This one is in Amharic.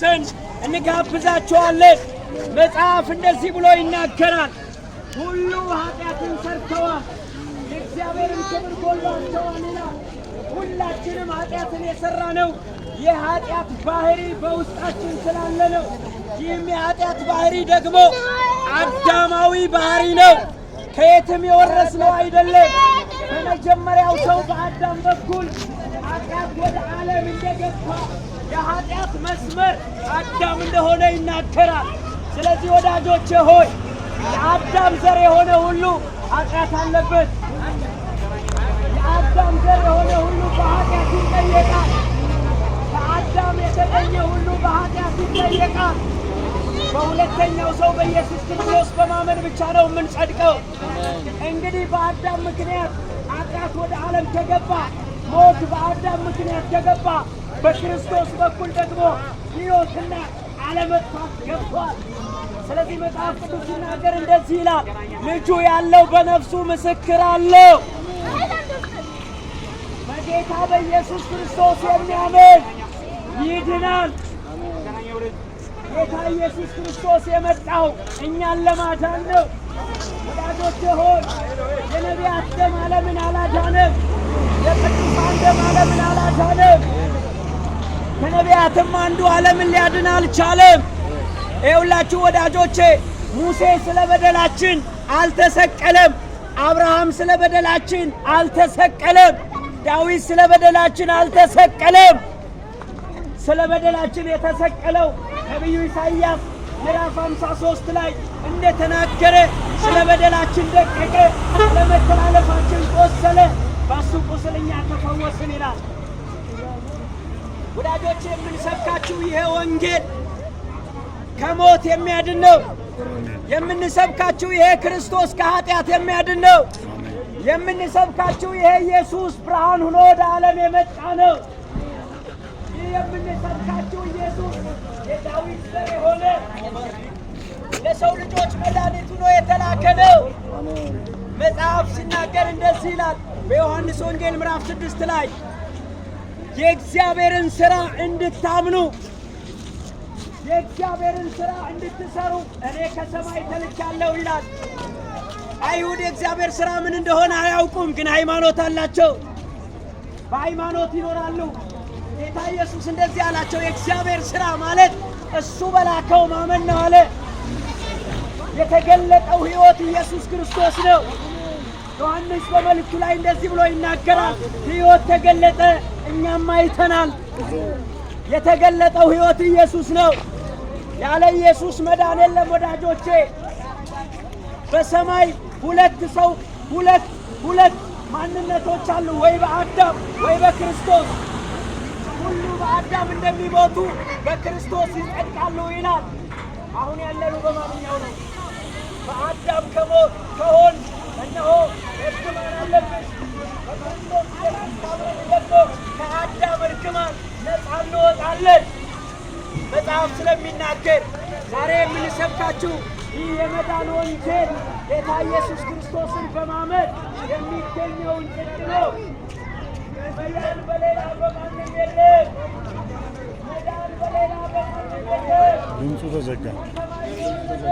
ዘንድ እንጋብዛቸዋለን። መጽሐፍ እንደዚህ ብሎ ይናገራል፣ ሁሉ ኃጢአትን ሰርተዋል፣ የእግዚአብሔርን ክብር ጎሏቸዋልና። ሁላችንም ኃጢአትን የሠራ ነው የኃጢአት ባህሪ በውስጣችን ስላለ ነው። ይህም የኃጢአት ባህሪ ደግሞ አዳማዊ ባህሪ ነው። ከየትም የወረስነው አይደለም። በመጀመሪያው ሰው በአዳም በኩል ኃጢአት ወደ ዓለም እንደገባ የኃጢአት መስመር አዳም እንደሆነ ይናገራል። ስለዚህ ወዳጆቼ ሆይ የአዳም ዘር የሆነ ሁሉ ኃጢአት አለበት። የአዳም ዘር የሆነ ሁሉ በኃጢአት ይጠየቃል። ሁለተኛው ሰው በኢየሱስ ክርስቶስ በማመን ብቻ ነው የምንጸድቀው። እንግዲህ በአዳም ምክንያት አጣት ወደ ዓለም ተገባ፣ ሞት በአዳም ምክንያት ተገባ። በክርስቶስ በኩል ደግሞ ሕይወትና አለመጥፋት ገብቷል። ስለዚህ መጽሐፍ ቅዱስ ሲናገር እንደዚህ ይላል፣ ልጁ ያለው በነፍሱ ምስክር አለው። በጌታ በኢየሱስ ክርስቶስ የሚያምን ይድናል። ጌታ ኢየሱስ ክርስቶስ የመጣው እኛን ለማዳን ነው። ወዳጆቼ ሆይ የነቢያት ደም ዓለምን አላዳነም። የቅዱሳን ደም ዓለምን አላዳነም። ከነቢያትም አንዱ ዓለምን ሊያድን አልቻለም። ይኸውላችሁ ወዳጆቼ ሙሴ ስለ በደላችን አልተሰቀለም። አብርሃም ስለ በደላችን አልተሰቀለም። ዳዊት ስለ በደላችን አልተሰቀለም። ስለ በደላችን የተሰቀለው ነቢዩ ኢሳይያስ ምዕራፍ 53 ላይ እንደተናገረ ስለ በደላችን ደቀቀ፣ ስለ መተላለፋችን ቆሰለ፣ በእሱ ቁስልኛ ተፈወስን ይላል። ወዳጆች የምንሰብካችሁ ይሄ ወንጌል ከሞት የሚያድን ነው። የምንሰብካችሁ ይሄ ክርስቶስ ከኃጢአት የሚያድን ነው። የምንሰብካችሁ ይሄ ኢየሱስ ብርሃን ሆኖ ወደ ዓለም የመጣ ነው። የምንሰብካችሁ ኢየሱስ የዳዊት ዘር የሆነ ለሰው ልጆች መድኃኒቱ ነው የተላከ ነው። መጽሐፍ ሲናገር እንደዚህ ይላል በዮሐንስ ወንጌል ምዕራፍ ስድስት ላይ የእግዚአብሔርን ሥራ እንድታምኑ የእግዚአብሔርን ሥራ እንድትሰሩ እኔ ከሰማይ ተልቻለሁ ይላል። አይሁድ የእግዚአብሔር ሥራ ምን እንደሆነ አያውቁም፣ ግን ሃይማኖት አላቸው። በሃይማኖት ይኖራሉ። ጌታ ኢየሱስ እንደዚህ አላቸው። የእግዚአብሔር ሥራ ማለት እሱ በላከው ማመን ነው አለ። የተገለጠው ሕይወት ኢየሱስ ክርስቶስ ነው። ዮሐንስ በመልእክቱ ላይ እንደዚህ ብሎ ይናገራል። ሕይወት ተገለጠ፣ እኛም አይተናል። የተገለጠው ሕይወት ኢየሱስ ነው። ያለ ኢየሱስ መዳን የለም ወዳጆቼ። በሰማይ ሁለት ሰው ሁለት ሁለት ማንነቶች አሉ፣ ወይ በአዳም ወይ በክርስቶስ በአዳም እንደሚሞቱ በክርስቶስ ይጠቃሉ ይላል። አሁን ያለነው በማንኛው ነው? በአዳም ከሞት ከሆን እነሆ እርግማን አለብሽ። በክርስቶስ የራስታብረን ደግሞ ከአዳም እርግማን ነፃ እንወጣለን። መጽሐፍ ስለሚናገር ዛሬ የምንሰብካችሁ ይህ የመዳን ወንጌል ጌታ ኢየሱስ ክርስቶስን በማመን የሚገኘውን ጽድቅ ነው። በያን በለ Yunus Ota Zeka.